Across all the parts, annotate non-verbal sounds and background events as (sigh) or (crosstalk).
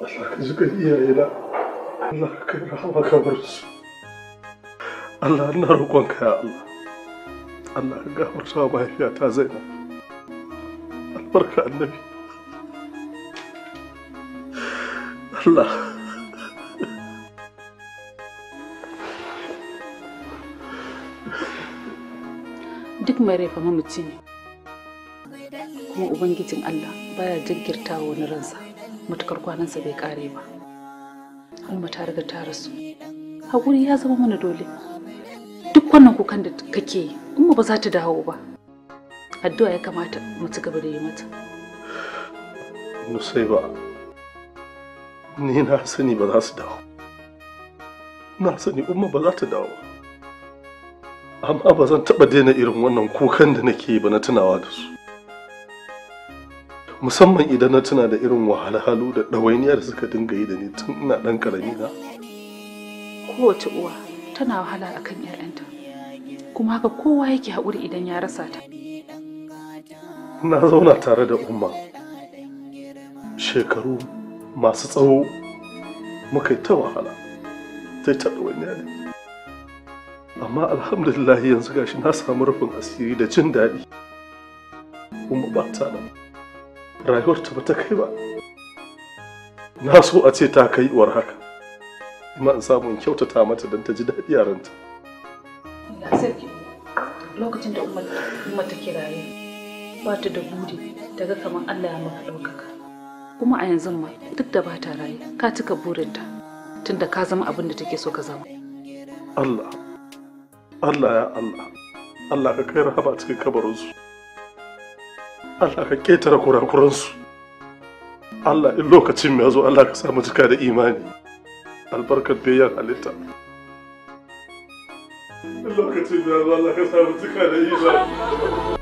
Allah ka ji kan iyayena Allah ka rahama ka bar su Allah ina roƙonka ya Allah Allah ka gafarta wa ta Zainab albarka annabi Allah duk mai raifa mamaci ne kuma ubangijin Allah baya jirgirta wani ransa matukar kwanansa bai kare ba alma ta riga ta rasu hakuri ya zama mana dole duk wannan kukan da kake yi ba za ta dawo ba addu'a ya kamata mu ci gaba da yi mata sai ba ni na sani ba za su dawo na sani umma ba za ta dawo amma ba zan taɓa daina irin wannan kukan da nake yi ba na tunawa da su musamman idan na tuna da irin wahalhalu da ɗawainiya da suka dinga yi da ni tun ina ɗan karami na. Kowace uwa tana wahala akan 'ya'yanta, kuma haka kowa yake haƙuri idan ya rasa ta. Na zauna tare da umma shekaru masu tsawo muka yi ta wahala, sai ta ɗawainiya ne. Amma alhamdulillah yanzu gashi na samu rufin asiri da jin daɗi, kuma ba ta nan. rayuwar ta kai ba na so a ce ta kai uwar haka kuma in samu in kyautata mata don ta ji daɗi a ranta lokacin da umar ta kiraye ba ta da buri daga kaman kamar Allah ya maka ɗaukaka kuma a yanzu ma duk da ba ta raye ka cika burinta tunda ka zama abin da take so ka zama Allah Allah ya Allah Allah ka kai rahama cikin kabarinsu. Allah ka ƙetare kurakuransu Allah in lokacin mai zo Allah ka samu jika da imani albarkar bayan halitta in lokacin mai zo Allah ka samu jika da imani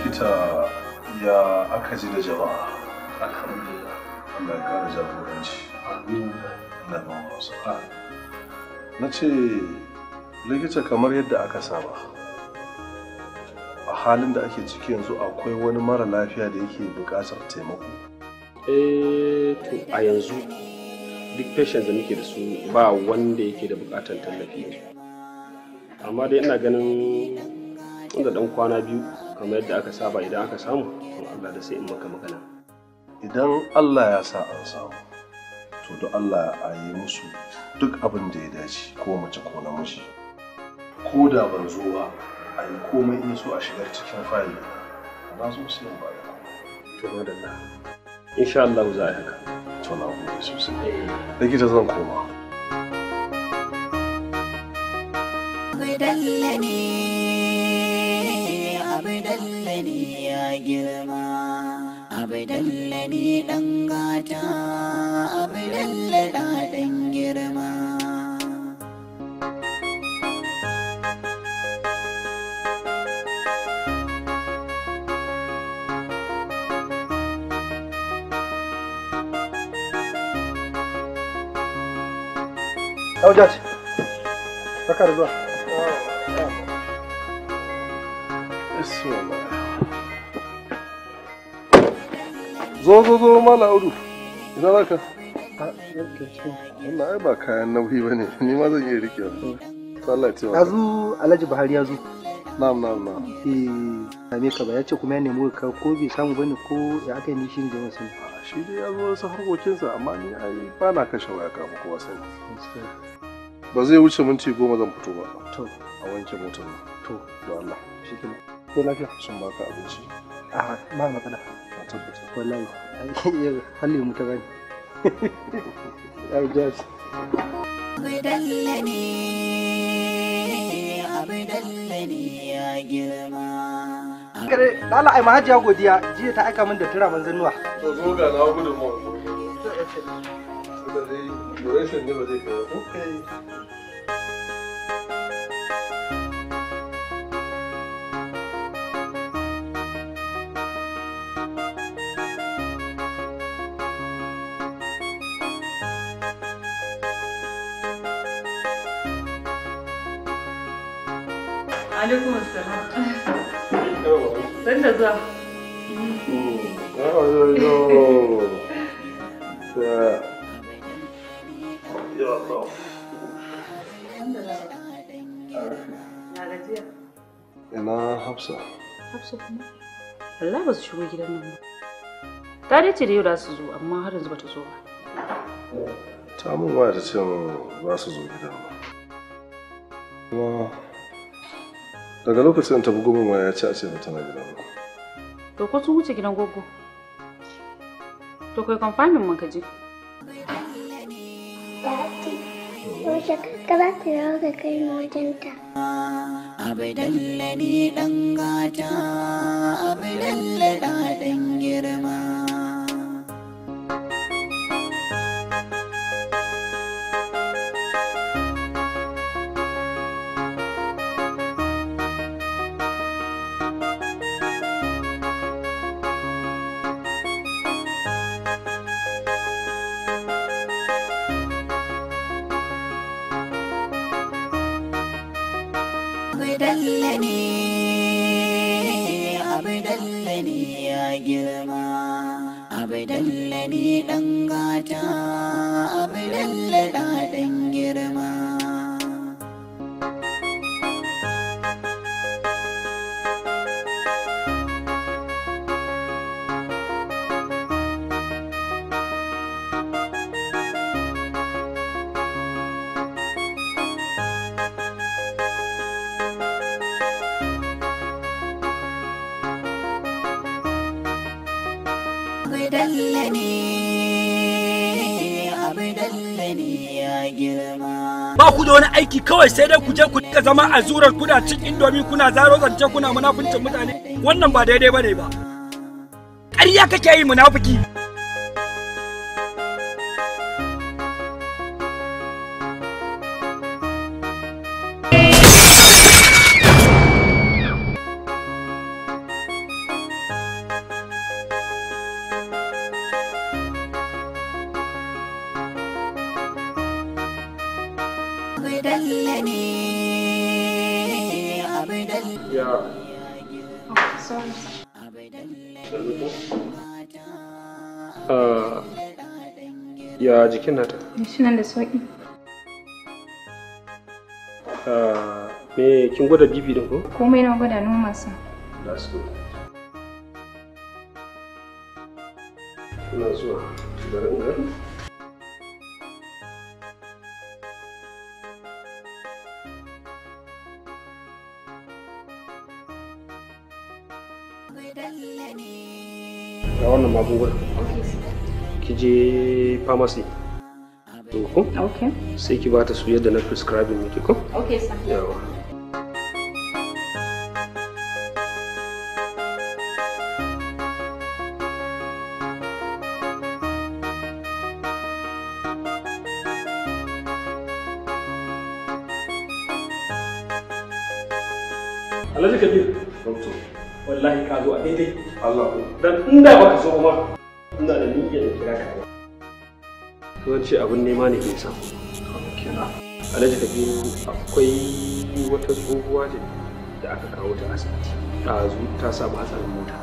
likita ya aka ji da jama'a alhamdulillah Allah ya kara jagoranci na ce likita kamar yadda aka saba a halin da ake ciki yanzu akwai wani mara lafiya da yake buƙatar taimako eh to a yanzu duk patients da muke da su ba wanda yake da buƙatar tallafi amma dai ina ganin inda dan kwana biyu kamar yadda aka saba idan aka samu to Allah da sai in maka magana idan Allah ya sa an samu to da Allah a yi musu duk abin da ya dace ko mace ko namiji ko da ban zo ba a yi komai in so a shigar cikin fayil Ba zo sai ba da to da Allah insha Allah za a haka to na gode sosai eh. likita zan koma Dalla ne abidallani ya girma abidallani ɗan gata abidallada ɗan girma Yau Judge, baka da iso zo zo zo mala audu idan za ka ah, wannan ai ba kayan nauyi ba ne ni ma zan iya rikewa sallah ce ya alhaji buhari ya zo na'am na'am na'am eh me ka ba ya ce kuma ya nemi ka ko bai samu bane ko ya aka ni shi ne da wasu ah, shi dai ya zo harkokin sa amma ni ai ba na kashe waya ka kuma sai. ba zai wuce minti goma zan fito ba a wanke motar to da Allah ko lafiya sun baka abinci a ba matsala a tabbata wallahi ya halle mu ta gani (laughs) ai jaji dalle ne dalle ne ya girma kare lala ai mahajiya godiya jiya ta aika min da tura manzon nuwa to zo ga na gudu mu da dai duration ne ba zai kai ko eh. alaikum assalam dan da Ina Hafsa. Hafsa ba su shigo gidan nan ba. Ta dace da yau za su zo amma har yanzu bata zo ba. Ta ba ce su zo gidan ba. daga lokacin ta bugu min ya ci a ce mutum tana gidan ba to ko sun wuce gidan gogo to kai kamfanin mun ka je Yaushe ka ta yawo ka kai ni wajenta. Abai dalle ni ɗan gata, abai dalle ɗan girma. annabi dan gata aiki kawai sai dai ku je ku dinga zama a zurar kuna cin indomi kuna zaro zance kuna munafuncin mutane wannan ba daidai bane ba ƙarya kake yi munafiki ya jikin nata shi nan da sauki ah, me kin gwada bp din ko komai na gwada noman sa that's good ina zuwa bari in ga ga wannan magungunan ki je pharmacy to ko okay sai ki bata su yadda na prescribe miki ko okay sir yawa Alhaji Kabir, wallahi ka zo a daidai. Allah ko. Dan inda baka so ma ina da niyyar da kira ka to ce abin nema ne bai samu alhaji kabiru akwai wata tsohuwa ce da aka kawo ta asibiti ɗazu ta samu hatsarin mota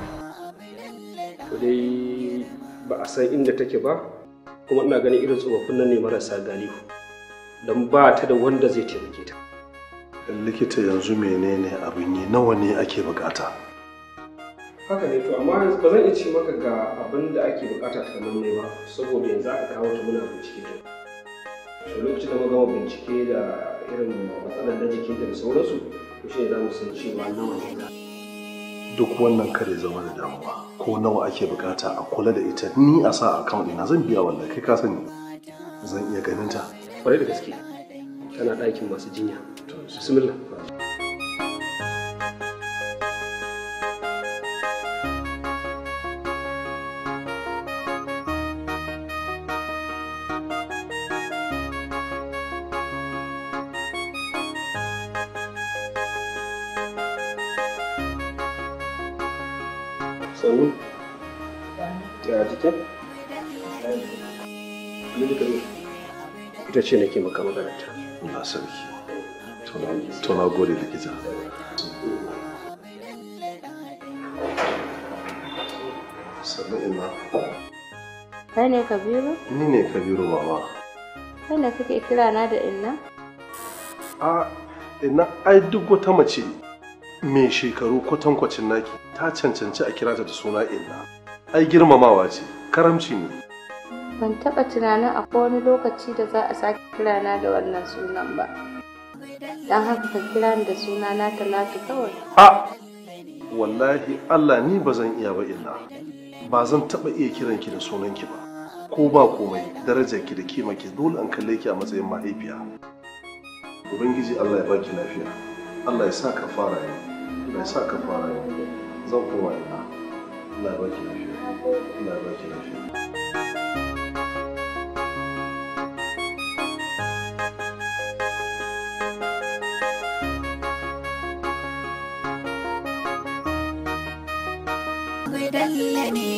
to dai ba a san inda take ba kuma ina ganin irin tsofaffin nan ne marasa galihu don ba ta da wanda zai taimake ta likita yanzu menene abin yi nawa ne ake bukata haka ne to amma yanzu ba zan iya ce maka ga abin da ake bukata ta kamar ne ba saboda yanzu aka kawo ta muna bincike ta to lokacin da mu gama bincike da irin matsalar na jikinta da sauransu to shi za san cewa nawa ne za duk wannan kare zama da damuwa ko nawa ake bukata a kula da ita ni a sa account ɗina zan biya wanda kai ka sani zan iya ganin ta kwarai da gaske tana ɗakin masu jinya bismillah ce nake maka magana ta na sarki to na gode likita sannu ina kai ne kabiru ni ne kabiru mama kai ne kake kira na da inna a ina ai duk wata mace mai shekaru kwatankwacin naki ta cancanci a ta da suna inna ai girmamawa ce karamci ne ban taɓa tunanin akwai wani lokaci da za a sake kirana da wannan sunan ba don haka ka kira ni da suna na talatu kawai a wallahi allah ni ba zan iya ba illa ba zan taɓa iya kiran ki da sunan ki ba ko ba komai darajar ki da kima ki dole an kalle ki a matsayin mahaifiya ubangiji allah ya baki lafiya allah ya sa ka fara yi allah ya sa ka fara yi zan koma ina allah ya baki lafiya allah ya baki lafiya ni ne,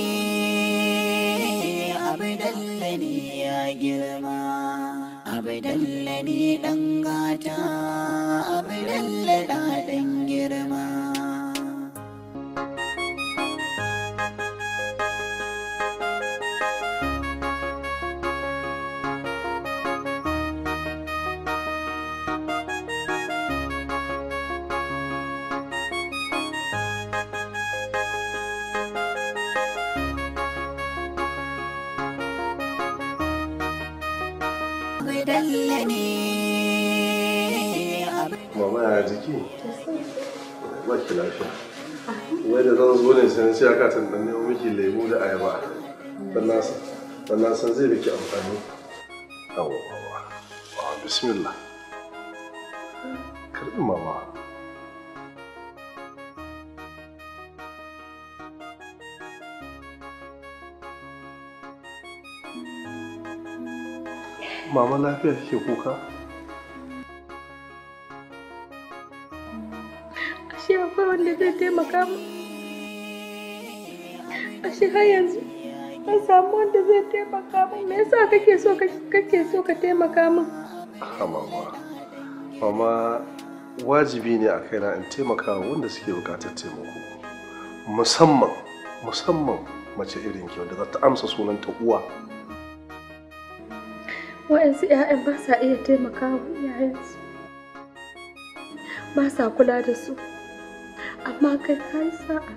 ne ya girma, dalle ne ɗan gata. Mama ya jiki? Ba ki lafiya. Wai da zan zo ne sai na ce aka tantan nemo miki lemu da ayaba. Sannan san zai miki amfani. Awa, awa. Ah, bismillah. mama. Mama lafiya kike kuka? wanda zai taimaka mu shi har yanzu ban samu wanda zai taimaka min me yasa kake so kake so ka taimaka min ha mama mama wajibi ne a kaina in taimaka wanda suke bukatar taimako musamman musamman mace irin ki wanda za ta amsa sunanta uwa wa'yansu 'ya'yan ba sa iya taimaka wa iyayensu ba sa kula da su amma kai ka yi sa'a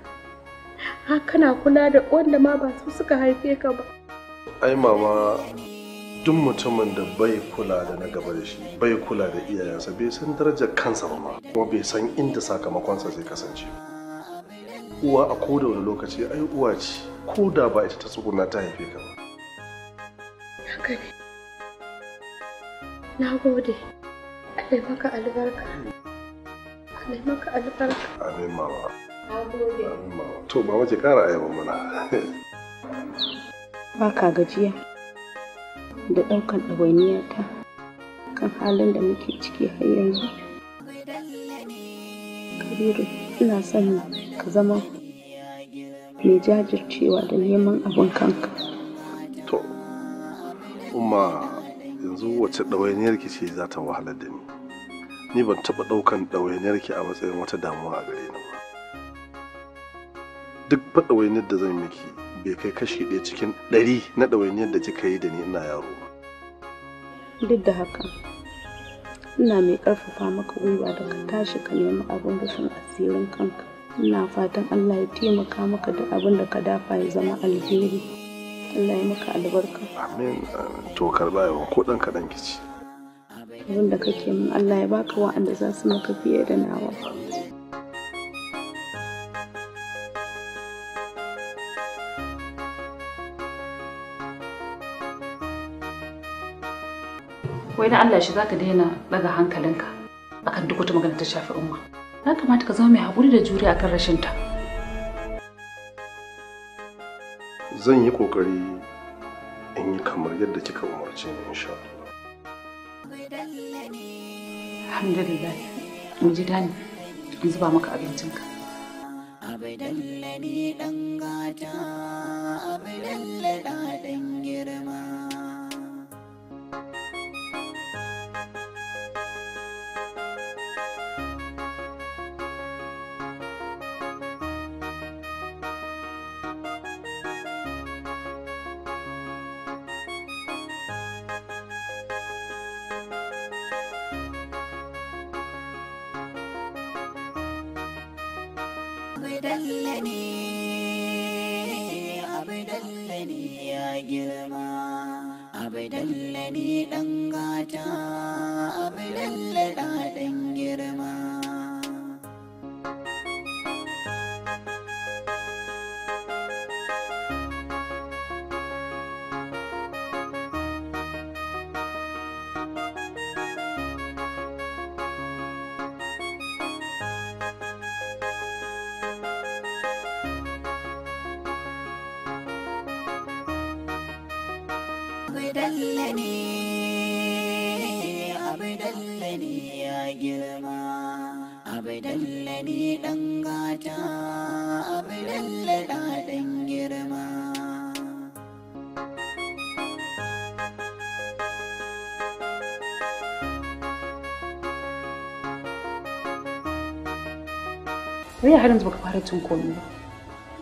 haka kana kula da wanda ma ba su suka haife ka ba ai mama duk mutumin da bai kula da na gaba da shi bai kula da iyayensa bai san darajar kansa ba ma kuma bai san inda sakamakonsa zai kasance uwa a koda wani lokaci ai uwa ce ko da ba ita ta tsuguna ta haife ka ba na gode maka albarka maka albarka. Amin mama. Amin To kara ayaba mana. (laughs) Ba ka gajiya da ɗaukan ɗawainiyata kan halin da muke ciki har yanzu. Kabiru ina son ka zama mai jajircewa da neman abin kanka. To, umma yanzu wace ɗawainiyar ki ce za ta wahalar da ni? ni ban taɓa ɗaukan ɗawainiyar ki a matsayin wata damuwa a gare ni ba duk fa ɗawainiyar da zan miki bai kai kashi ɗaya cikin ɗari na ɗawainiyar da kika yi da ni ina yaro ba duk da haka ina mai ƙarfafa maka gwiwa da ka tashi ka nemi abin da sun asirin kanka ina fatan allah ya taimaka maka da abin da ka dafa ya zama alheri allah ya maka albarka amin to karɓa yawan ko ɗan kaɗan kici abin da kake min Allah ya baka wa'anda za su maka fiye da nawa wai na Allah shi zaka daina daga hankalinka akan duk wata magana ta shafi umma ya kamata ka zama mai haƙuri da juri akan rashin ta zan yi ƙoƙari in yi kamar yadda kika umarci ni insha Allah alhamdulillah ji dani in zuba maka abincinka abai dalle ni dan gata abai dalle da girma abu dalla ne dalle ne abu dalle ne ya girma abu dalle ne dan gata abu dalle dan girma Wai har yanzu baka fara cin ba.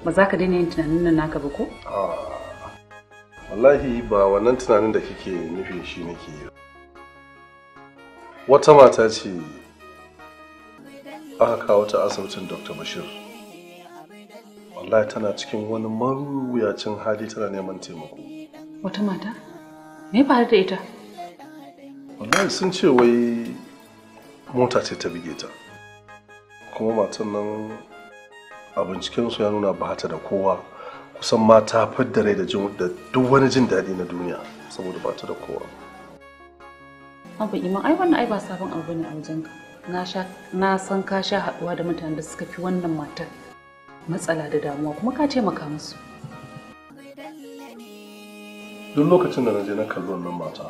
Ba za ka daina yin tunanin nan naka ba ko? wallahi ba wannan tunanin da kike nufi shi nake yi wata mata ce aka kawo ta asibitin dr bashir wallahi tana cikin wani maruyacin hali tana neman taimako wata mata me faru da ita wallahi sun ce wai mota ce ta buge ta kuma matan nan a bincikensu ya nuna ba ta da kowa kusan ma ta rai da jin da duk wani jin daɗi na duniya saboda ba ta da kowa abu iman ai wannan ai ba sabon abu ne a wajen na sha na san ka sha haɗuwa da mutanen da suka fi wannan matar matsala da damuwa kuma ka taimaka musu duk lokacin da na je na kalli wannan mata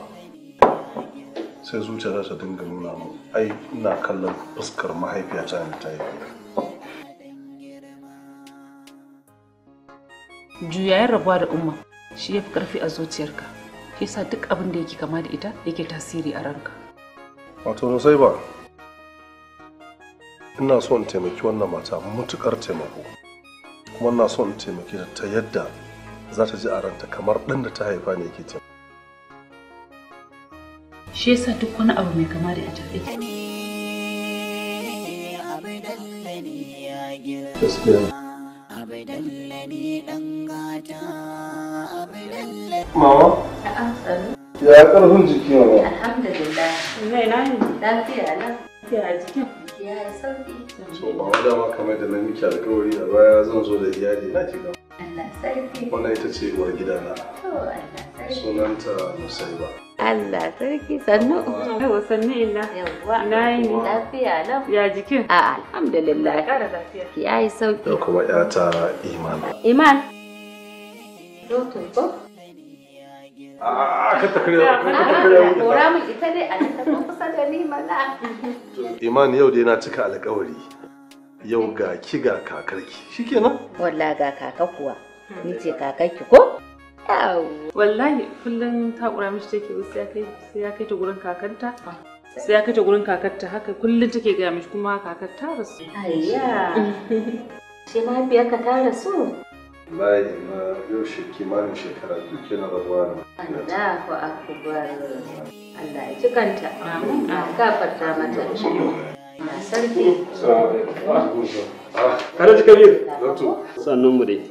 sai zuciya ta dinga nuna mu ai ina kallon fuskar mahaifiyata ne ta yi juyayen rabuwa da umma shi yafi fi ƙarfi a zuciyarka shi sa duk abin da yake kama da ita yake tasiri a ranka wato musai ba ina so in taimaki wannan mata mutukar taimako kuma ina so in taimaki ta yadda za ta ji a ranta kamar ɗin da ta haifa ne yake taimako shi yasa duk wani abu mai kama da ita yake gaskiya mama ya karfin jiki mama alhamdulillah mai na yi lafiya lafiya a jikin ya yi sauki ba wadda ma kamar da na miki alkawari a baya zan zo da iyali na kika wannan ita ce uwar gidana sunanta musaiba Allah sarki sannu. sannu illa. Na yi Ya jikin? A alhamdulillah. Ya lafiya. Ya yi sauki. Iman. Iman. ko? ka kare ka ta kare a kusa da ni Iman yau dai na cika alƙawari. Yau ga ki ga kakarki. Shikenan? Wallahi ga kaka kuwa. Ni ce kakarki ko? wallahi kullum ta takura mishi take sai ya kai ta gurin kakanta sai ya kai ta gurin kakanta haka kullum take gaya mishi kuma kakar ta rasu ayya (laughs) shi mahaifiyarka ta rasu ba na yau shi kimanin shekara biyu kenan rabuwa na Allahu akbar Allah ya cikanta amin a gafarta mata shi sarki ah kada sannan mu dai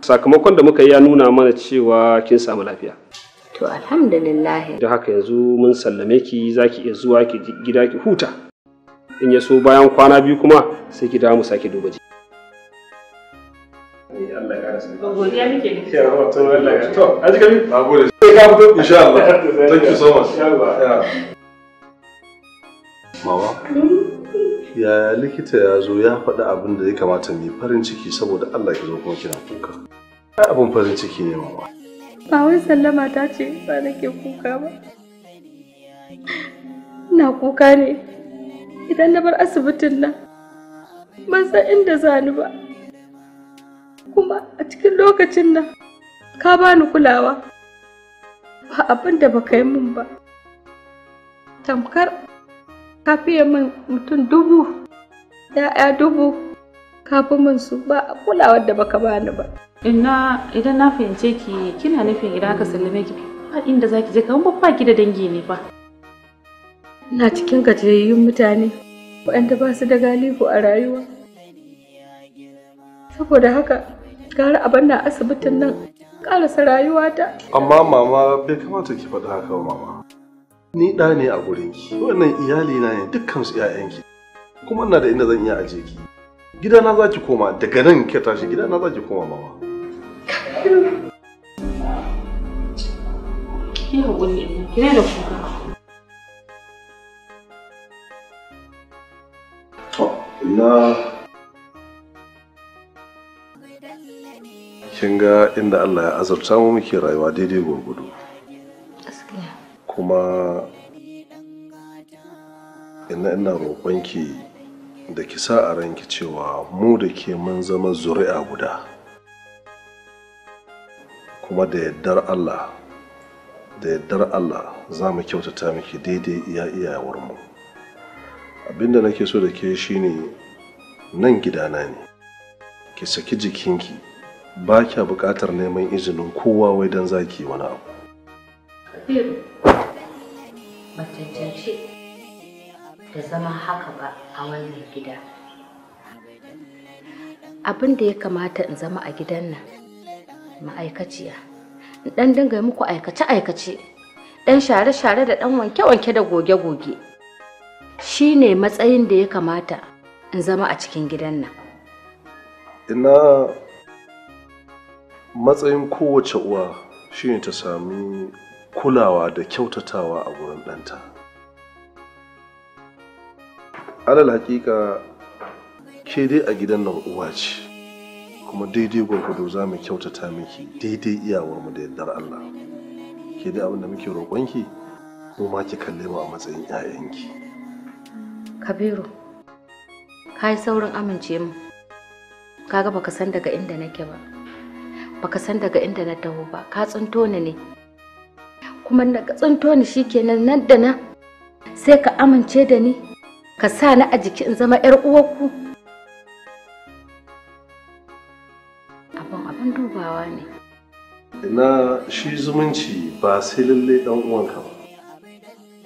Sakamakon da muka yi ya nuna mana cewa kin samu lafiya. To alhamdulillah. Don haka yanzu mun sallame ki zaki iya zuwa ki gida ki huta. In ya so bayan kwana biyu kuma sai ki dawo mu sake duba ji. Allah yaya likita ya zo ya faɗi abin da ya kamata mai farin ciki saboda Allah ki zo kuma kina kuka ai abin farin ciki ne mama ba wai sallama ta ce ba nake kuka ba ina kuka ne idan na bar asibitin nan ban san inda za ni ba kuma a cikin lokacin nan ka bani kulawa ba abin da ba yi min ba tamkar ta fiye min mutum dubu ya'ya dubu kafin min su ba a kulawar da baka bani ba ina idan na fahimce ki kina nufin idan aka sallame ki ba inda zaki je kamar ba ki da dangi ne ba ina cikin gajiyayyun mutane waɗanda ba su da galihu a rayuwa saboda haka gara a da asibitin nan ƙarasa rayuwata amma mama bai kamata ki faɗi haka mama ni ɗa ne a gurinki wannan iyali na ne dukkan su ƴaƴanki kuma ina da inda zan iya aje ki gidana za ki koma daga nan ki tashi gidana za ki koma mama kin ga inda Allah ya azurta mu muke rayuwa daidai gurgudu kuma ina ina roƙonki da ki sa a ranki cewa mu da ke mun zama zuri'a guda kuma da yardar Allah da yardar Allah za mu kyautata miki daidai iya mu abinda nake so da ke shine nan gidana ne ki saki jikinki ba kya buƙatar neman izinin kowa wai don zaki wani abu ba da zama haka ba a wannan gida abin da ya kamata in zama a gidan nan ma'aikaciya ɗan dinga muku aikace-aikace ɗan share-share da ɗan wanke-wanke da goge-goge shi ne matsayin da ya kamata in zama a cikin gidan nan ina matsayin kowace uwa shine ta sami kulawa da kyautatawa a wurin ɗanta alal hakika ke dai a gidan nan uwa ce kuma daidai gwargwado za mu kyautata miki daidai iyawar mu da yardar Allah ke dai abin muke roƙonki mu ma ki kalle mu a matsayin 'ya'yanki kabiru ka yi saurin amince mu kaga baka san daga inda nake ba baka san daga inda na taho ba ka tsinto ni ne kuma na ga tsinto ni shikenan nan da nan sai ka amince da ni ka sa ni a jiki in zama yar uwarku abin abin dubawa ne Ina shi zumunci ba sai lalle dan uwanka ba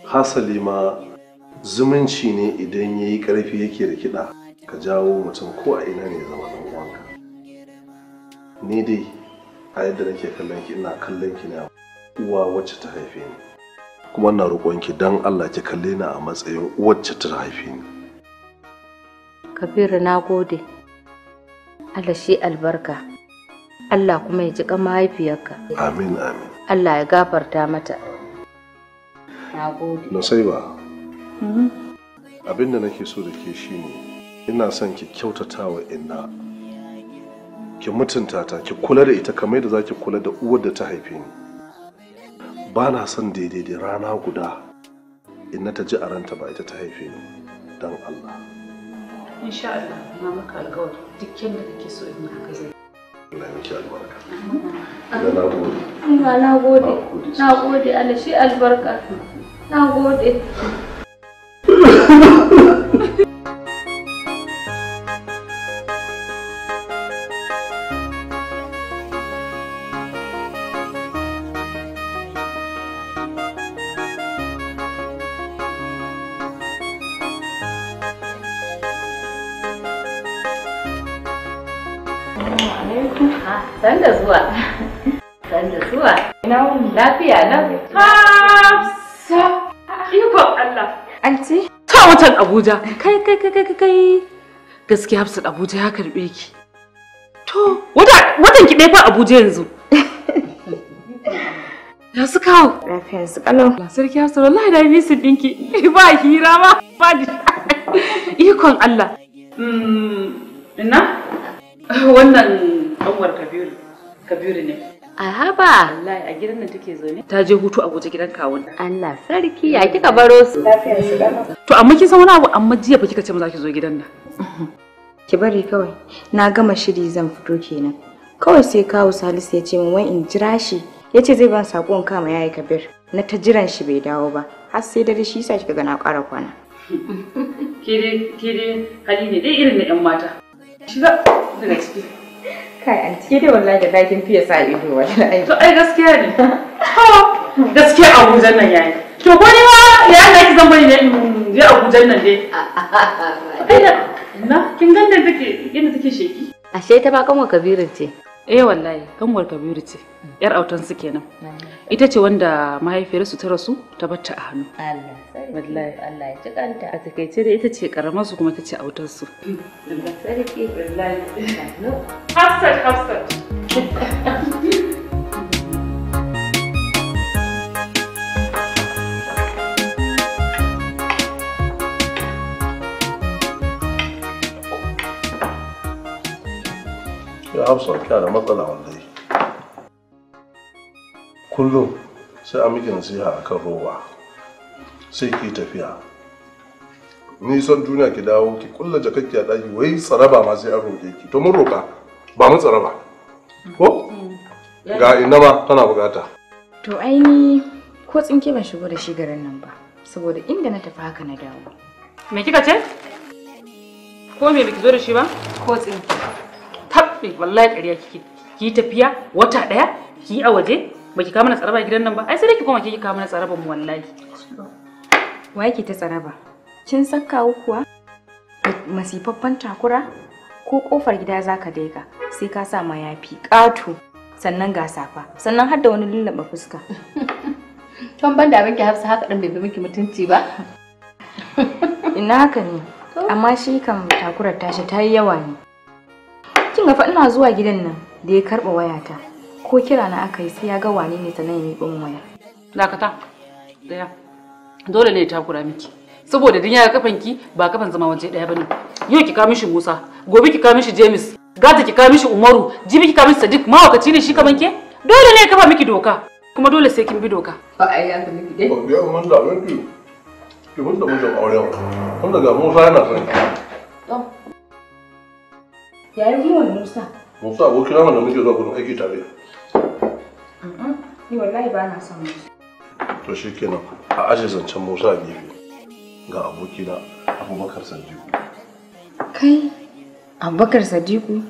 hasali ma zumunci ne idan ya yi ƙarfi yake da kiɗa ka jawo mutum ko a ina ne zama dan uwanka ni dai a yadda nake kallon ki ina kallon ki ne uwa wacce ta haife ni kuma ina roƙonki don Allah ki kalle ni a matsayin wacce ta haife ni Kabiru na gode Allah shi albarka Allah kuma ya ji mahaifiyarka amin amin Allah ya gafarta mata na gode na sai ba mhm. abin da nake so da ke shi ne, ina son ki kyautatawa wa inna ki mutunta ta ki kula da ita kamar da zaki kula da uwar da ta haife ni ba na son daidai rana guda in na ta ji a ranta ba ita ta haife ni don Allah. Insha Allah na maka duk yadda kake so in zai. (laughs) San da zuwa. San da zuwa. Ina Lafiya nan. Hafsa. Ikon Allah. Anti. Ta watan Abuja. Kai kai kai kai kai. Gaskiya Hafsat Abuja ya karbe ki. To, watan ki ɗaya fa Abuja yanzu. (laughs) Ya su kawo. Lafiyar su kalau. La sarki Hafsa wallahi da bi su dinki. Ba hira ba. Ba Ikon Allah. Hmm, ina? (laughs) Wannan ɗanwar Kabiru, Kabiru ne. A haba. Wallahi a gidan nan take zaune. Ta je hutu a guje gidan kawun. Allah sarki ya kika baro su. Lafiya su dana. To amma kin san wani abu amma jiya fa kika ce za ki zo gidan nan. (laughs) Ki bari kawai. Na gama shiri zan fito kenan. Kawai sai kawo Salisu ya ce min wai in jira shi. Ya ce zai ban sako in kama yayi Kabir. Na ta jiran shi bai dawo ba. Har sai dare shi yasa kika ga na ƙara kwana. (laughs) Ke dai hali ne dai irin na 'yan mata. Shiga daga ciki. Kai an cike dai wallahi da dakin fiye sa ido wallahi. To ai gaskiya ne. ha Gaskiya Abuja nan yayi. To ko ne ma ya ga ki zan bari ne in je Abuja nan dai. Kai da na kin ganda take yadda take sheki. Ashe ta ba kanwa kabirin ce. eh wallahi kanwar kabiru ce yar autan su kenan ita ce wanda mahaifiyarsu ta rasu ta batta a hannu wallahi Allah ya a takaice dai ita ce karamar su kuma ta ce autan su sarki wallahi hafsat hafsat (laughs) hafsa kya da matsala wallahi kullum sai a miki nasiha akan rowa sai ki tafiya nisan duniya ki dawo ki kulla jakakki a ɗaki wai tsaraba ma sai an roƙe ki to mun roƙa ba mu tsaraba ko mm. ga ina ma tana bukata to ni ko tsinke ban shigo da shi garin nan ba saboda inda na tafi haka na dawo me kika ce ko me biki zo da shi ba ko tsinke tafi wallahi ƙarya kike ki tafiya wata daya ki a waje baki kama na tsaraba gidan nan ba ai sai dai ki koma ki kama na tsaraba mu wallahi wa yake ta tsaraba kin saka kawo kuwa masifaffen takura ko kofar gida zaka daika sai ka sa mayafi ƙato sannan ga safa sannan har da wani lullaba fuska (laughs) tun ban da abin ki hafsa haka dan bai bi miki mutunci ba ina haka ne (laughs) amma shi kam takurar tashi ta yi yawa ne kin ga fa ina zuwa gidan nan da ya karba wayata ko kira na aka yi sai ya ga wane ne sanan ya miƙo waya dakata daya dole ne ya takura miki saboda din ya kafan ki ba kafan zama waje daya bane yau ki ka mishi Musa gobe ki ka mishi James gata ki ka mishi Umaru jibi ki ka mishi Sadiq mahaukaci ne shi kaman ke dole ne ya kafa miki doka kuma dole sai kin bi doka ba ai ya miki dai ba biya mun da mun ki ki mun da mun da aure mun da ga Musa yana son Ya yi gwiwan Musa? Musa abokin naman da muke zuwa gudun aiki tare. Ni wallahi ba na son Musa. To shi kenan a aje zancen Musa a gefe ga abokina Abubakar Sadiku. Kai Abubakar Sadiku?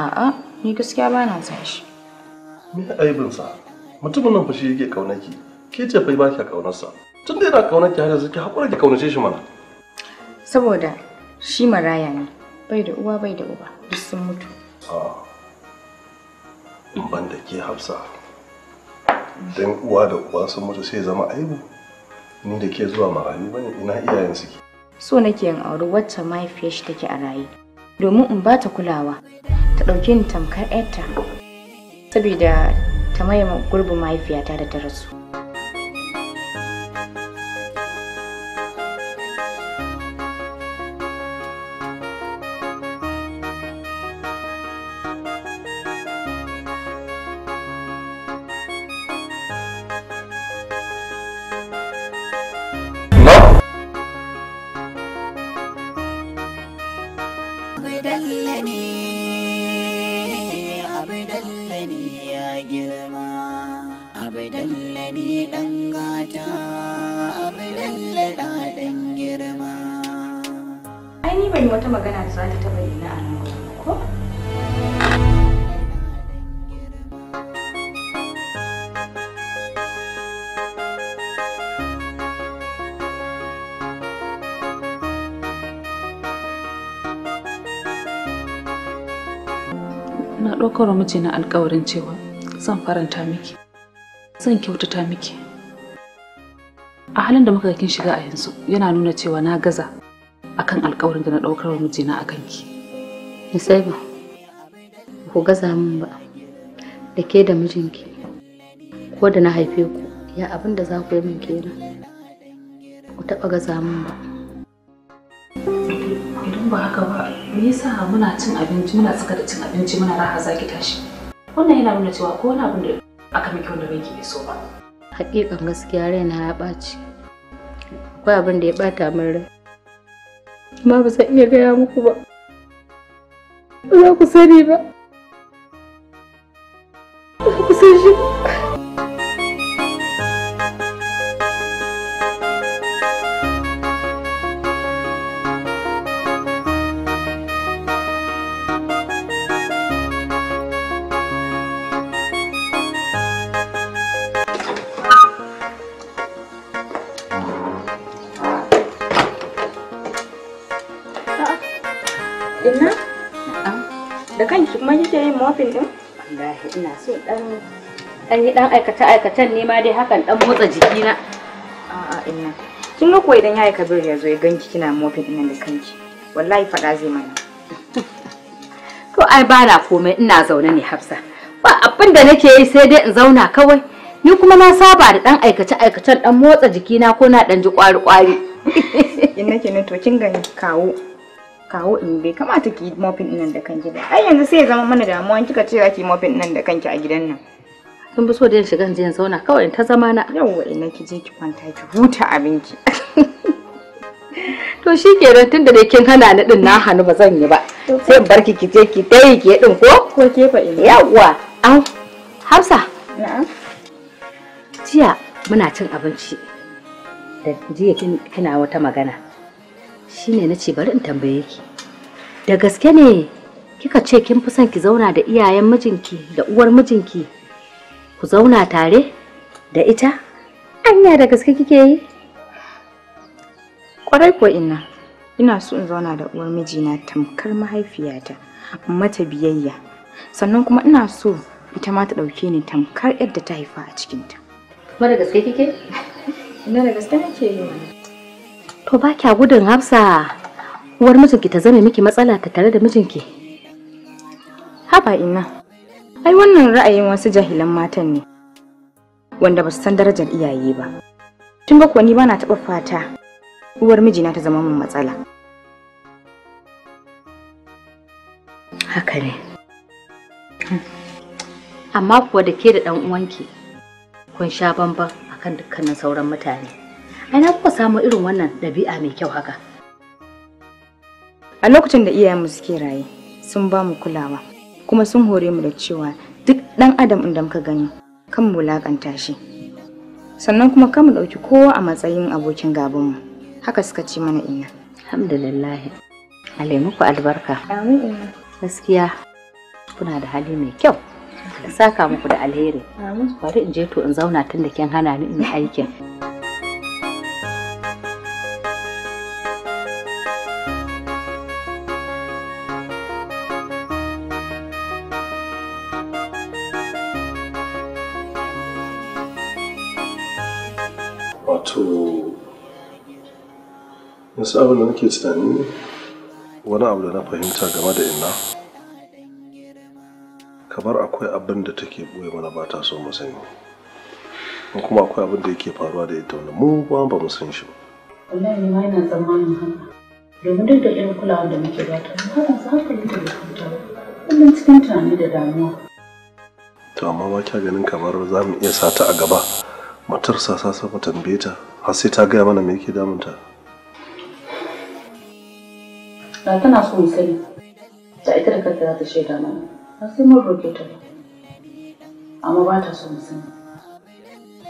A'a ni gaskiya ba na son shi. Me aibinsa? Mutumin nan fa yake kaunaki. Ke ce fa ba ki kaunarsa. Tun da yana kaunaki har yanzu ki haƙura ki kaunace shi mana. Saboda shi maraya ne. bai da uwa bai da uba duk sun mutu ban da ke hafsa don uwa da uba sun mutu sai zama aibu ni da ke zuwa marayu bane ina iyayen suke so nake yin auri wacce mahaifiyar shi take a raye domin in ba ta kulawa ta ɗauke ni tamkar 'yarta saboda ta maye gurbin mahaifiyata da ta rasu ban yi wata magana da za ta taɓa yi na anan ko? Na ɗaukar mijina alkawarin cewa zan faranta miki, zan kyautata miki. A halin da muka kin shiga a yanzu yana nuna cewa na gaza akan alkawarin da na ɗaukar wa mijina a kanki. sai ba ku gaza min ba, da ke da mijinki, ko da na haife ku, ya abin da za ku yi min kenan. Ku taɓa gaza min ba. Idan ba haka ba, me yasa muna cin abinci muna saka da cin abinci muna raha zaki tashi? Wannan yana nuna cewa ko wani abin da aka miki wanda ranki bai so ba. Hakikan gaskiya raina ya ɓaci. Akwai abin da ya ɓata min rai. amma ba zan iya gaya muku ba ba za ku sani ba ba ku san shi ba da kanki kuma kike yin mopping din wallahi ina so dan dan yi dan aikata aikatan ne ma dai hakan dan motsa jiki na a'a ina kin ga ko idan yayi kabir ya zo ya ganki kina mopping din da kanki wallahi fada zai mana (laughs) to ai ba na komai ina zaune ne Hafsa ba abin da nake yi sai dai in zauna kawai ni kuma na saba da dan aikace aikacen dan motsa jiki na ko na dan ji kwari kwari in nake ne to kin gani kawo kawo in bai kamata ki mopping nan da kanki ba ai yanzu sai ya zama mana damuwa kika ce za ki mopping nan da kanki a gidan nan sun bi so da shiga in zauna kawai in ta zama na wa ina ki je ki kwanta ki huta abinki (laughs) to shi ke nan tunda dai kin hana ni din na hannu ba zan yi ba sai bar ki ki je ki dai ki din ko ko ke fa ina yawwa au Hausa na'am jiya muna cin abinci da jiya kina wata magana shine nace bari in tambaye ki Da gaske ne kika ce kin fi son ki zauna da iyayen mijinki da uwar mijinki ku zauna tare da ita? Anya da gaske kike yi? Kwarai ko ina, ina so in zauna da uwar mijina tamkar mahaifiyata, mata biyayya. Sannan kuma ina so ita ma ta ɗauke ni tamkar yadda ta haifa a cikinta. Kuma da gaske kike? (laughs) Ina da gaske nake yi. To ba kya gudun Hafsa. uwar mijinki ta zame miki matsala ta tare da mijinki haba ina ai wannan ra'ayin wasu jahilan matan ne wanda ba su san darajar iyaye ba tun ba kuwa ni bana taɓa fata uwar mijina ta zama min matsala haka ne amma kuwa da ke da ɗan uwanki kun sha bamban akan dukkanin sauran mutane ai na kuka samu irin wannan ɗabi'a mai kyau haka a lokacin da iyayenmu suke raye sun ba mu kulawa kuma sun hore mu da cewa duk dan adam inda muka gani kan mu wulakanta shi sannan kuma kan mu ɗauki kowa a matsayin abokin gabanmu haka suka ce mana ina alhamdulillah alaimuku albarka amin gaskiya kuna da hali mai kyau saka muku da alheri bari in je to in zauna tun da kin hana ni in yi aikin Wasu abin da nake tunani wani abu da na fahimta game da inna. Kamar akwai abin da take ɓoye mana ba ta so mu sani. kuma akwai abin da yake faruwa da ita wani mu ba ba mu san shi ba. Wallahi ma yana tsammanin haka. Domin duk da irin kulawar da muke ba ta, har yanzu hankalin ta bai kwanta Kullum cikin tunani da damuwa. To amma ba kya ganin kamar za mu iya sata a gaba. Matar sa sa mu tambaye ta har sai ta gaya mana me yake damunta. da tana so mu sani da ita da kanta za ta shaida mana har sai mun roke ta amma ba ta so mu sani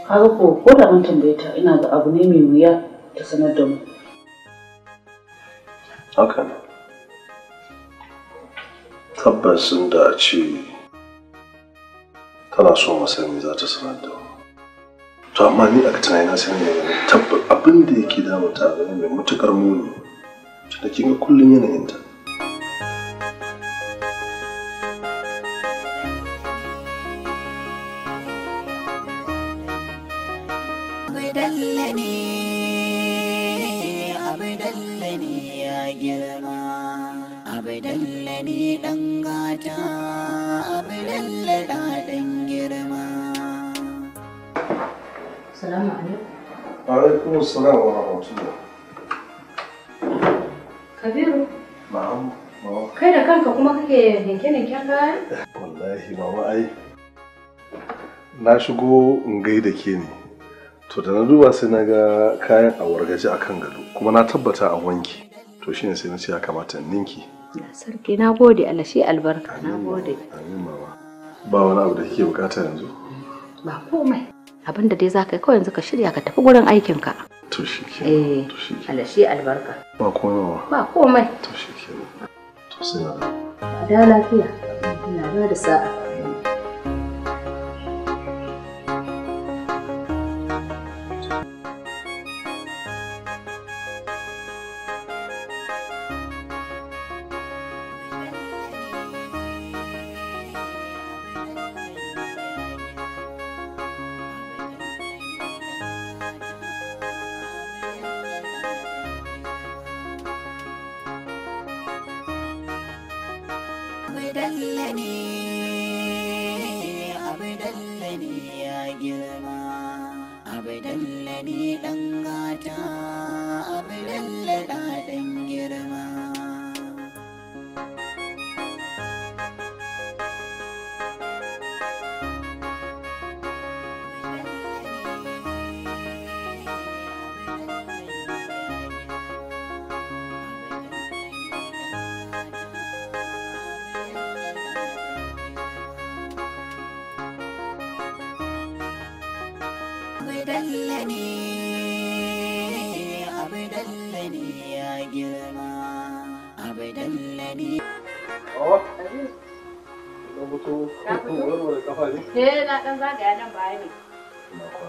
kaga ko ko da mun tambaye ta ina da abu ne mai wuya ta sanar da mu haka Tabbasin da a ce tana so mu sani za ta sanar da mu to amma ni a na san ne tabbar abin da yake damu ta mai matuƙar muni tunda kin ga kullum yanayinta Assalamu alaikum. Wa alaikum assalam wa rahmatullah. kuke ninke-ninken kaya? Wallahi ai. Na shigo in gaida ke ne. To da na duba sai na ga kayan a wargaje a kan gado kuma na tabbata a wanki. To shine sai na ce ya kamata ninki. Sarki na gode Allah albarka na gode. Amin mama. Ba wani abu da kike bukata yanzu? Ba komai. Abin da dai za ka yi kawai yanzu ka shirya ka tafi gurin aikinka. To shi ke. Eh, Allah shi albarka. Ba komai. Ba komai. To shi ke. Ada ba da lafiya ina ba da sa'a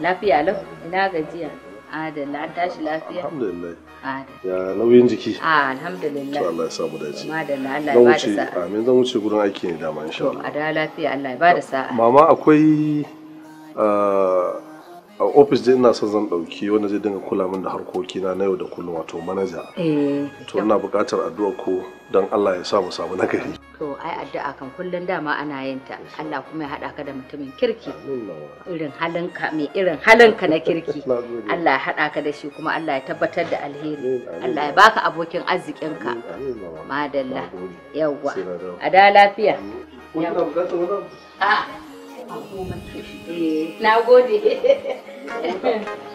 lafiya lau ina gajiya adalla an tashi lafiya alhamdulillah ya nauyin jiki a alhamdulillah to Allah ya samu dace ma madalla Allah ya ba da sa'a amin zan wuce gurin aiki ne dama insha Allah to a da lafiya Allah ya ba da sa'a mama akwai a ofis dai ina son zan dauki wanda zai dinga kula min da harkokina na yau da kullum wato manaja eh, to ina buƙatar addu'a ko don Allah ya samu mu samu nagari to ai addu'a kan kullum dama ana yin ta Allah kuma ya haɗa ka da mutumin kirki irin halinka mai irin halinka na kirki (laughs) Allah ya haɗa ka da shi kuma Allah ya tabbatar da alheri Allah ya baka abokin arzikinka madalla yawwa a da lafiya na gode (laughs)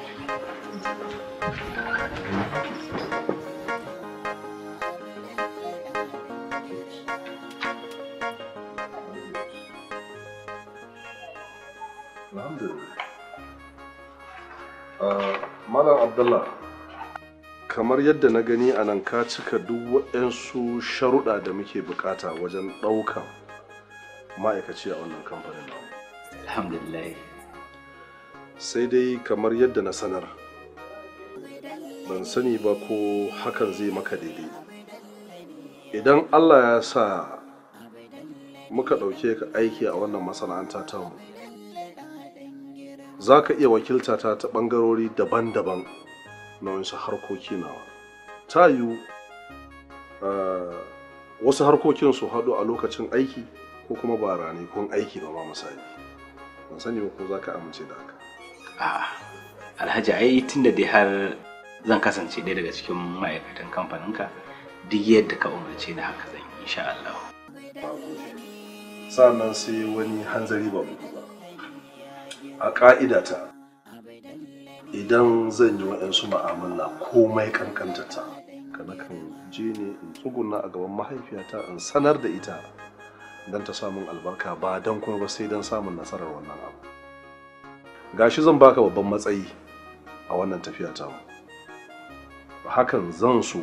kamar yadda na gani a nan ka cika duk waɗansu sharuɗa da muke bukata wajen ɗaukan ma'aikaci a wannan kamfanin alhamdulillah sai dai kamar yadda na sanar ban sani ba ko hakan zai maka daidai idan allah ya sa muka ɗauke ka aiki a wannan masana'anta mu za ka iya wakilta ta ta ɓangarori daban-daban na wasu harkoki nawa ta yiwu wasu harkokin su haɗu a lokacin aiki ko kuma ba ranakun aiki ba ma misali ban sani ba ko za ka amince da haka alhaji ai tinda dai har zan kasance ɗaya daga cikin ma'aikatan kamfaninka duk yadda ka umarce ni haka zan yi insha Allah sannan sai wani hanzari ba a ƙa'idata idan zan yi waɗansu ma'amala komai kankanta ta kana kan je ne in tsuguna a gaban mahaifiyata in sanar da ita don ta samun albarka ba don kuma ba sai don samun nasarar wannan abu gashi zan baka babban matsayi a wannan tafiya ta hakan zan so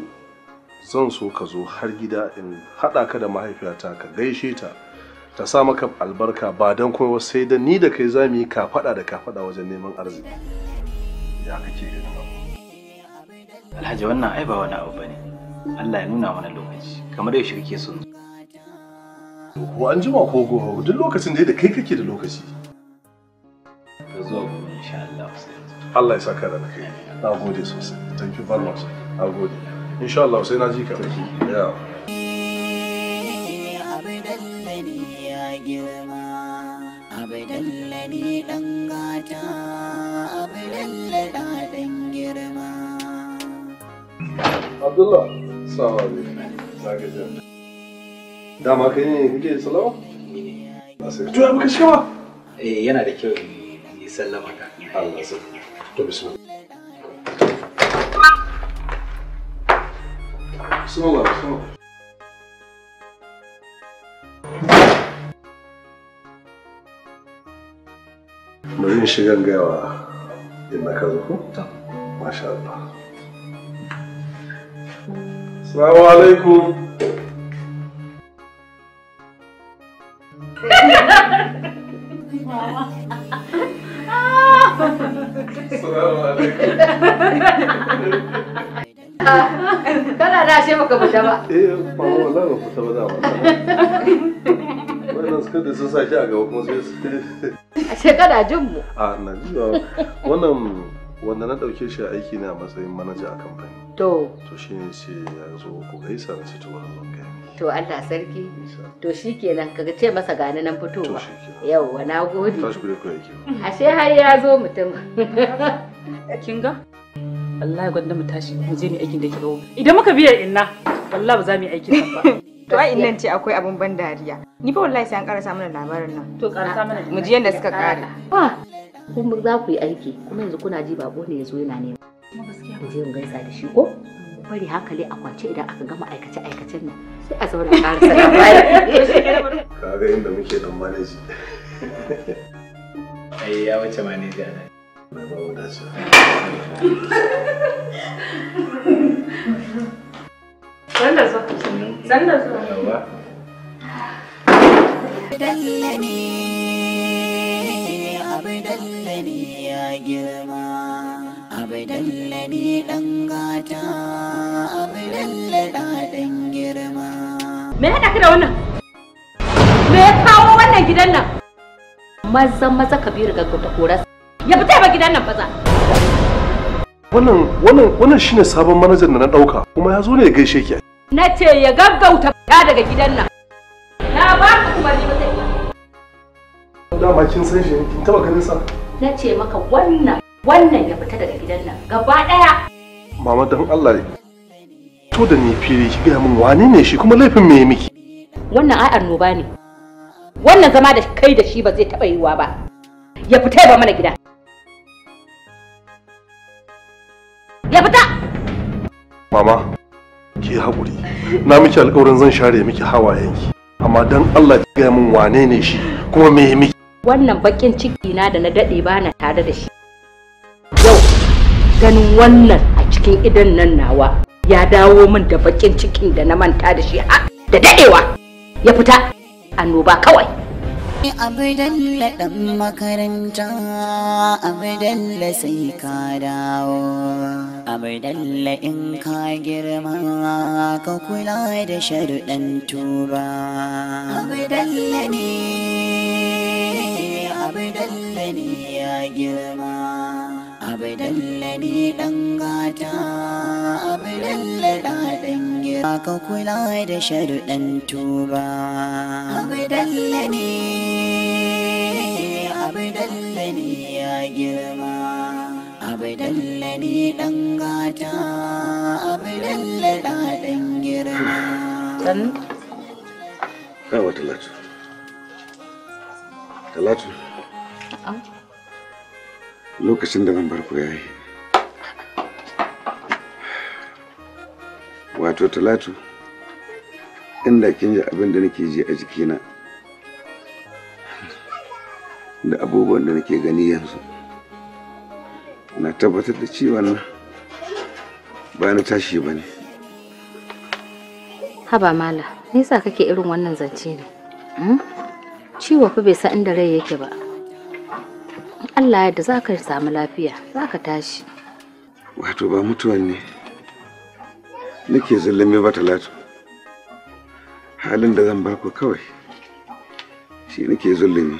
zan so ka zo har gida in haɗa ka da mahaifiyata ka gaishe ta ta sa maka albarka ba don kuma sai da ni da kai za mu yi kafaɗa da kafaɗa wajen neman arziki ya kake ganin abu alhaji wannan ai ba wani abu bane Allah ya nuna mana lokaci kamar yaushe kake son ko an jima ko gobe duk lokacin da kai kake da lokaci ka zo mu insha Allah sai. Allah ya saka da kai na gode sosai thank you very much na gode insha Allah sai na ji ka ya girma abu dan gata Abdullah. Sağ ol abi. Sadece. Dama kai ne kake salama? To ya muka shiga ba? yana da kyau yi sallama Allah sa. To bismillah. Bismillah, bismillah. Bari in shiga gaya wa? na ka zo ko? Masha Allah. Assalamu alaikum. Assalamu kana da ashe baka fita ba eh ba ba fita ba wannan suka da sun a gaba kuma sai su ashe kana jin mu a na wannan wanda na dauke shi aiki ne a matsayin manaja a kamfani to to ne ce ya zo ku gaisa na to wani zan to Allah sarki to shikenan kaga ce masa gani nan fitowa yauwa na gode a kure har ya zo mutum (laughs) kin ga Allah ya gwanda mu tashi mu je ne aikin da ke gawo idan muka biya inna wallahi ba za mu yi aikin nan ba (laughs) to ai innan ce akwai abun ban dariya ni fa wallahi sai an karasa mana labarin nan to karasa mana mu ji yanda suka kare kun za ku yi aiki kuma yanzu kuna ji bako ne yazo yana nema mu je mu gaisa da shi ko bari hakali a kwace idan aka gama aikace aikacen nan sai a zauna karasa da bayan kaga inda muke dan manaji ai ya wace manaji ana na ba wada su sanda zo sanda zo abdallabi ya girma abdallabi dan gata abdallabi dan girma me ya ka da wannan me ya kawo wannan gidan nan maza maza kabiru ga ta koras ya fita ba gidan nan baza. wannan wannan wannan shine sabon manajan da na dauka kuma ya zo ne ya gaishe ki na ce ya gaggauta fita daga gidan nan na ba ku umarni ba sai dama kin san shi kin taba ganin sa na ce maka wannan wannan ya fita daga gidan nan gaba daya mama dan Allah ne to da ni fili ki ga min wane ne shi kuma laifin me miki wannan ai annoba ne wannan zama da kai da shi ba zai taba yiwa ba ya fita ba mana gida ya fita mama ki haƙuri na miki alƙawarin zan share miki hawayenki amma dan Allah ki ga min wane ne shi kuma me miki wannan bakin ciki na da na dade ba na tare da shi yau ganin wannan a cikin idan nan nawa ya dawo min da bakin cikin da na manta da shi da dadewa ya fita annoba kawai Abdalla ɗan makaranta, Abdalla sai ka dawo. Abdalla in ka girma ka kula da sharuɗan tuba. Abdalla ne, Abdalla ne ya girma. Abdalla ne ɗan gata, Abdalla ɗan ka kula da dan tuba. abu Abdalla ne, abu Abdalla ne ya girma. abu Abdalla ne dan gata, abu Abdalla dan girma. Sannu? Yawa Talatu. Talatu. Lokacin da zan bar ku yayi. wato talatu inda kin ji abin da nake ji a jikina da abubuwan da nake gani yanzu na tabbatar da ciwon nan ba na tashi ba ne haba mala nisa kake irin wannan zance ne hmm? ciwo fa bai san inda rai yake ba Allah ya da za ka samu lafiya za ka tashi wato ba mutuwan ne nake zullumi ba talatu halin da zan ku kawai shi nake zullumi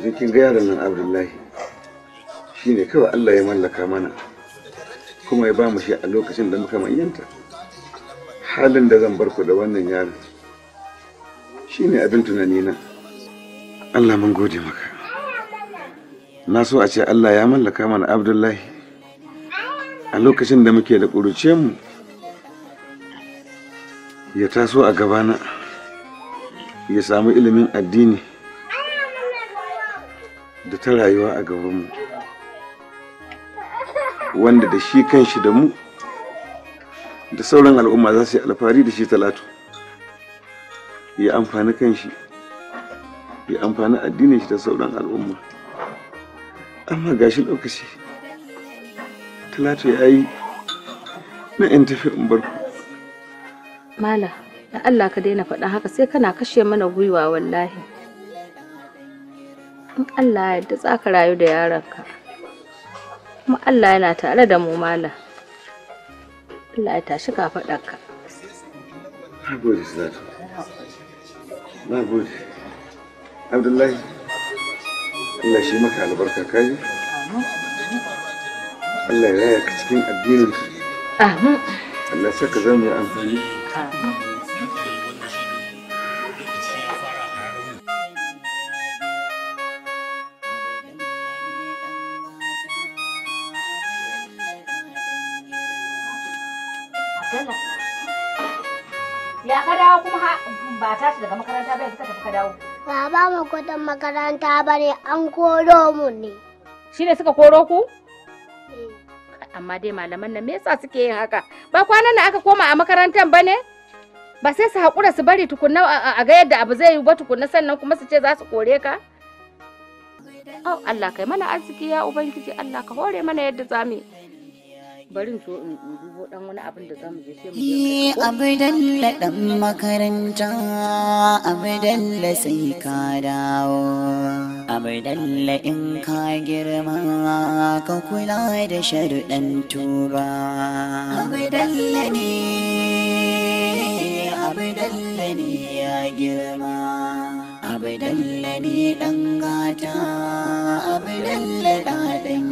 zikin kin ga yaron nan abdullahi shi ne kawai allah ya mallaka mana kuma ya ba mu shi a lokacin da muka manyanta halin da zan barku da wannan yaron shi ne abin tunani na allah mun gode maka na so a ce allah ya mallaka mana abdullahi a lokacin da muke da ƙuruce mu ya taso a gabana ya samu ilimin addini da ta rayuwa a gabanmu wanda da shi kanshi da mu da sauran al'umma za su yi alfahari da shi talatu ya amfani kanshi ya amfani addinin shi da sauran al'umma amma gashi lokaci talatu ya yi na in tafi in bar Mala, da Allah ka daina faɗa haka sai kana kashe mana gwiwa wallahi. In Allah ya yarda za ka rayu da yaronka. Kuma Allah yana tare da mu mala. Allah ya tashi ka faɗarka. Na gode, Na gode. Abdullahi, Allah shi maka albarka kaji. Allah ya raya ka cikin addinin amin Allah saka ka zama mai amfani Baba makaranta mu kudin makaranta bane an koro mu ne. Shi ne suka koro ku? amma dai malaman nan me yasa suke yin haka ba kwanan nan aka koma a makarantar ba ne ba sai su haƙura su bari tukunna a ga yadda abu zai yi ba tukunna sannan kuma su ce za su kore ka Oh, Allah kai mana arziki ya Ubangiji Allah ka hore mana yadda za mu barin in so in dubo dan wani abin da zamu je sai mu je eh, dan makaranta abdalla sai ka dawo abdalla in ka girma ka kula da sharuɗan tuba abdalla ne abdalla ne ya girma abdalla ne dan gata abdalla da dan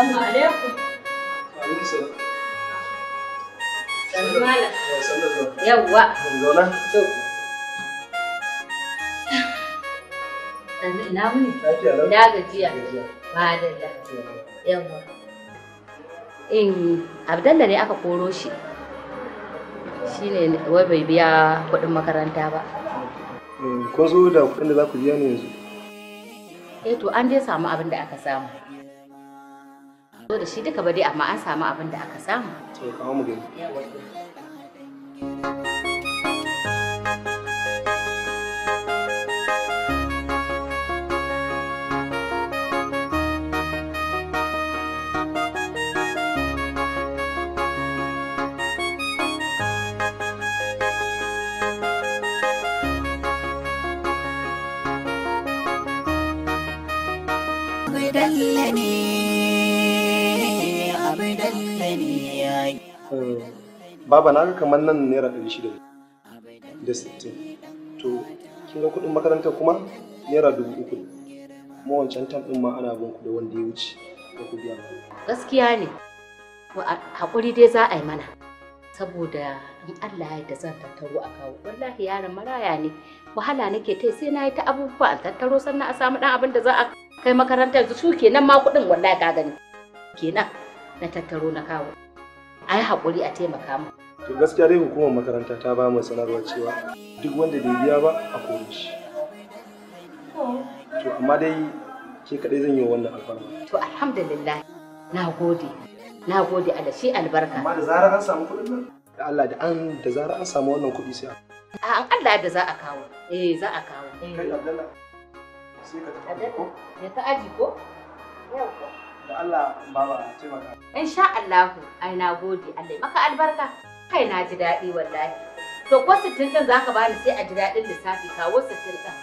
Assalamu alaikum. Alaikum salam. Da gajiya. Ba da da. Yawwa. In Abdalla ne aka koro shi. Shi ne wai bai biya kuɗin makaranta ba. Kun zo da kuɗin da za ku biya ne yanzu? Eh to an je samu abin da aka samu. zo da shi duka ba dai amma an samu abin da aka samu to ne Baba na ga kamar nan naira ɗari shida da sittin. To, kin ga kuɗin makarantar kuma naira dubu uku ne. Kuma wancan tan ɗin ma ana bin ku da wanda ya wuce da ku biya. Gaskiya ne. Haƙuri dai za a yi mana. Saboda in Allah ya da zan tattaro a kawo. Wallahi yaron maraya ne. Wahala nake ta sai na yi ta abubuwa a tattaro sannan a samu ɗan abin da za a kai makarantar su kenan ma kuɗin wallahi ka gani. Kenan na tattaro na kawo. A yi haƙuri a taimaka mu. to gaskiya dai hukumar makaranta ta ba mu sanarwa cewa duk wanda bai biya ba a kore shi to amma dai ke kadai zan yi wannan alfarma to alhamdulillah na gode na gode Allah shi albarka amma da zarar an samu kuɗin nan da Allah da an da zarar an samu wannan kuɗi sai a an Allah da za a kawo eh za a kawo eh. kai Abdallah sai ka tafi ko ya ta aji ko yau ko da Allah baba a ce maka insha Allah ai na gode Allah maka albarka kai na ji daɗi wallahi to ko sittin ɗin za ka bani sai a ji daɗin lissafi kawo sittin ɗin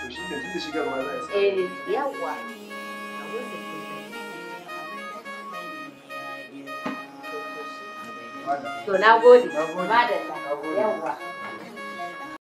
to shi ne tun da ma za eh yawa to na gode madalla yawa.